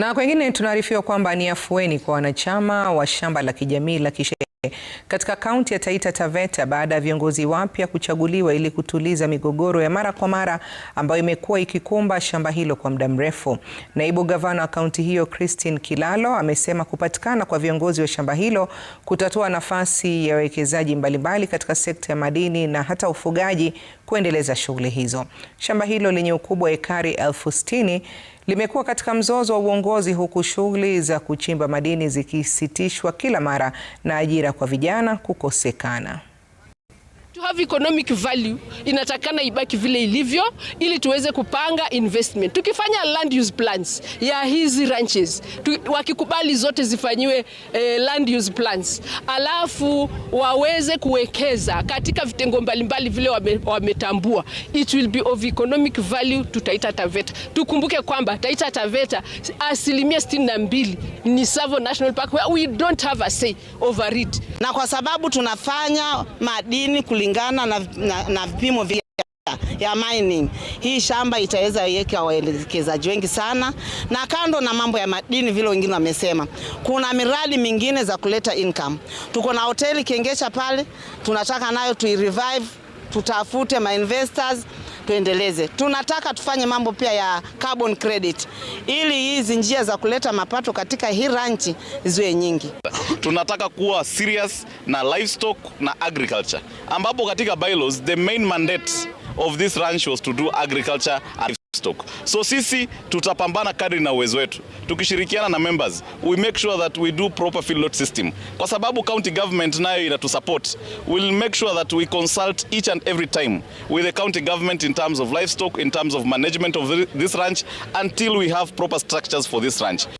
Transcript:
Na kwengine tunaarifiwa kwamba ni afueni kwa wanachama wa shamba la kijamii la kisheria katika kaunti ya Taita Taveta baada ya viongozi wapya kuchaguliwa ili kutuliza migogoro ya mara kwa mara ambayo imekuwa ikikumba shamba hilo kwa muda mrefu. Naibu gavana wa kaunti hiyo Christine Kilalo amesema kupatikana kwa viongozi wa shamba hilo kutatoa nafasi ya wawekezaji mbalimbali katika sekta ya madini na hata ufugaji kuendeleza shughuli hizo. Shamba hilo lenye ukubwa wa ekari elfu sitini limekuwa katika mzozo wa uongozi huku shughuli za kuchimba madini zikisitishwa kila mara na ajira kwa vijana kukosekana have economic value inatakana ibaki vile ilivyo, ili tuweze kupanga investment. Tukifanya land use plans ya hizi ranches tu, wakikubali zote zifanyiwe eh, land use plans, alafu waweze kuwekeza katika vitengo mbalimbali vile wame, wametambua, it will be of economic value to Taita Taveta. Tukumbuke kwamba Taita Taveta asilimia sitini na mbili ni Savo National Park where we don't have a say over it, na kwa sababu tunafanya madini kulingana kulingana na, na, na vipimo vya ya mining. Hii shamba itaweza weka waelekezaji wengi sana, na kando na mambo ya madini vile wengine wamesema, kuna miradi mingine za kuleta income. Tuko na hoteli Kengesha pale, tunataka nayo revive, tutafute ma investors tuendeleze. Tunataka tufanye mambo pia ya carbon credit ili hizi njia za kuleta mapato katika hii ranchi ziwe nyingi. Tunataka kuwa serious na livestock na agriculture, ambapo katika bylaws the main mandate of this ranch was to do agriculture livestock. So sisi tutapambana kadri na uwezo wetu tukishirikiana na members, we make sure that we do proper field lot system, kwa sababu county government nayo inatusupport. We'll make sure that we consult each and every time with the county government in terms of livestock, in terms of management of this ranch until we have proper structures for this ranch.